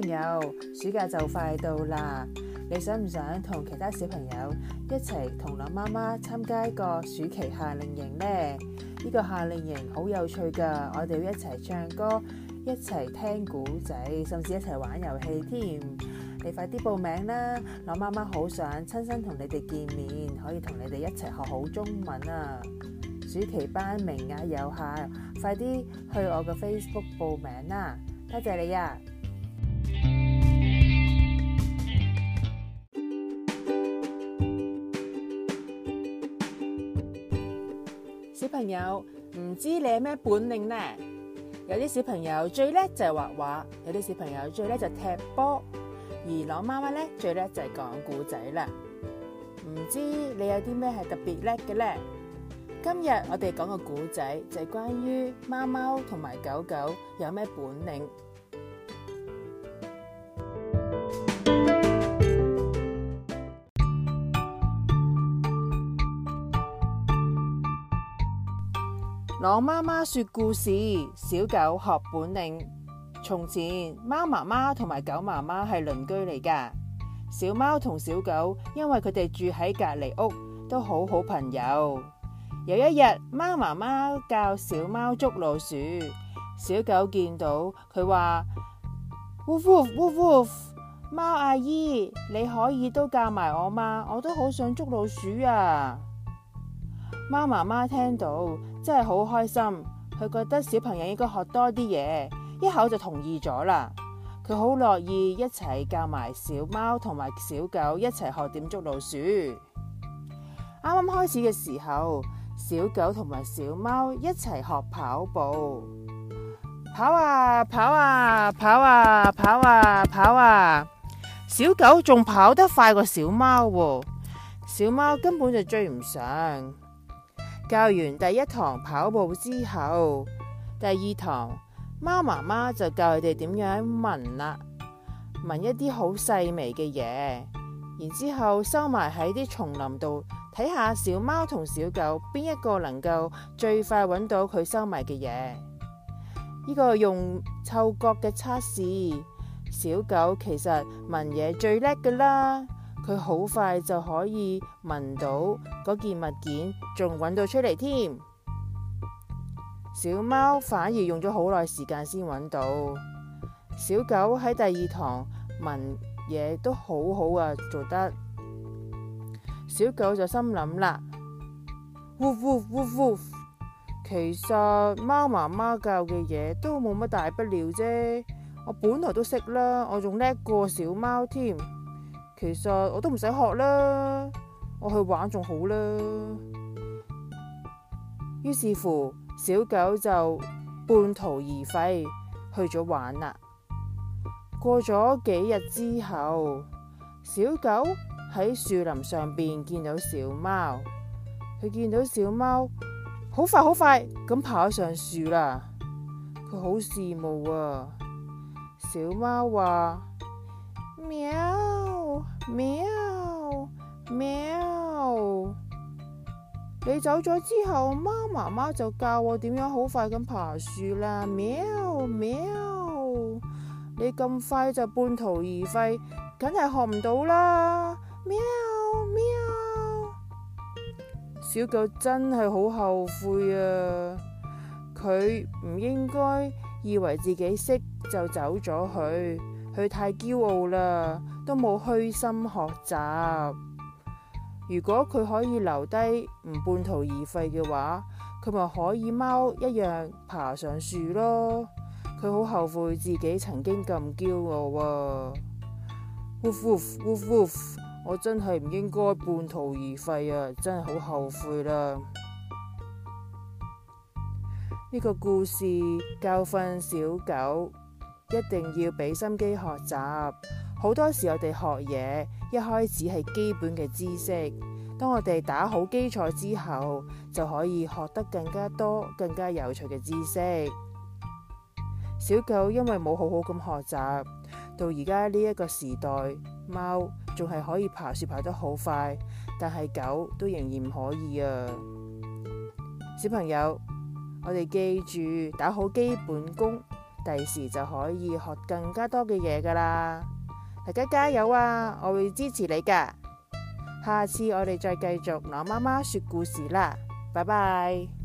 小朋友，暑假就快到啦！你想唔想同其他小朋友一齊同我媽媽參加一個暑期夏令營呢？呢個夏令營好有趣噶，我哋要一齊唱歌、一齊聽古仔，甚至一齊玩遊戲添。你快啲報名啦！我媽媽好想親身同你哋見面，可以同你哋一齊學好中文啊！暑期班名額、啊、有限，快啲去我嘅 Facebook 報名啦！多謝你啊！小朋友，唔知你有咩本領呢？有啲小朋友最叻就係畫畫，有啲小朋友最叻就係踢波，而攞媽媽咧最叻就係講古仔啦。唔知你有啲咩係特別叻嘅呢？今日我哋講個古仔，就係關於貓貓同埋狗狗有咩本領。狼媽媽說故事，小狗學本領。從前，貓媽媽同埋狗媽媽係鄰居嚟㗎。小貓同小狗因為佢哋住喺隔籬屋，都好好朋友。有一日，貓媽媽教小貓捉老鼠，小狗見到佢話：woof woof woof woof，貓阿姨，你可以都教埋我嘛，我都好想捉老鼠啊！貓媽媽聽到。真係好開心，佢覺得小朋友應該學多啲嘢，一口就同意咗啦。佢好樂意一齊教埋小貓同埋小狗一齊學點捉老鼠。啱啱開始嘅時候，小狗同埋小貓一齊學跑步，跑啊跑啊跑啊跑啊跑啊，跑啊，小狗仲跑得快過小貓，小貓根本就追唔上。教完第一堂跑步之後，第二堂貓媽媽就教佢哋點樣聞啦，聞一啲好細微嘅嘢，然之後收埋喺啲叢林度，睇下小貓同小狗邊一個能夠最快揾到佢收埋嘅嘢。呢個用嗅覺嘅測試，小狗其實聞嘢最叻㗎啦。佢好快就可以聞到嗰件物件，仲揾到出嚟添。小貓反而用咗好耐時間先揾到。小狗喺第二堂聞嘢都好好啊，做得。小狗就心諗啦：「嗚嗚嗚嗚，其實貓媽媽教嘅嘢都冇乜大不了啫。我本來都識啦，我仲叻過小貓添。」其實我都唔使學啦，我去玩仲好啦。於是乎，小狗就半途而廢，去咗玩啦。過咗幾日之後，小狗喺樹林上邊見到小貓，佢見到小貓好快好快咁爬上樹啦，佢好羨慕啊。小貓話：喵。喵喵，喵，你走咗之後，貓媽，媽媽就教我點樣好快咁爬樹啦。喵喵，你咁快就半途而廢，梗係學唔到啦。喵喵，小狗真係好後悔啊！佢唔應該以為自己識就走咗去。佢太驕傲啦，都冇虛心學習。如果佢可以留低，唔半途而廢嘅話，佢咪可以貓一樣爬上樹咯。佢好後悔自己曾經咁驕傲啊。Woof woof woof woof，我真係唔應該半途而廢啊！真係好後悔啦。呢個故事教訓小狗，一定要俾心機學習，好多時我哋學嘢，一開始係基本嘅知識，當我哋打好基礎之後，就可以學得更加多、更加有趣嘅知識。小狗因為冇好好咁學習，到而家呢一個時代，貓仲係可以爬樹爬得好快，但係狗都仍然唔可以啊。小朋友，我哋記住打好基本功。第時就可以學更加多嘅嘢噶啦！大家加油啊，我會支持你噶。下次我哋再繼續攞媽媽說故事啦，拜拜。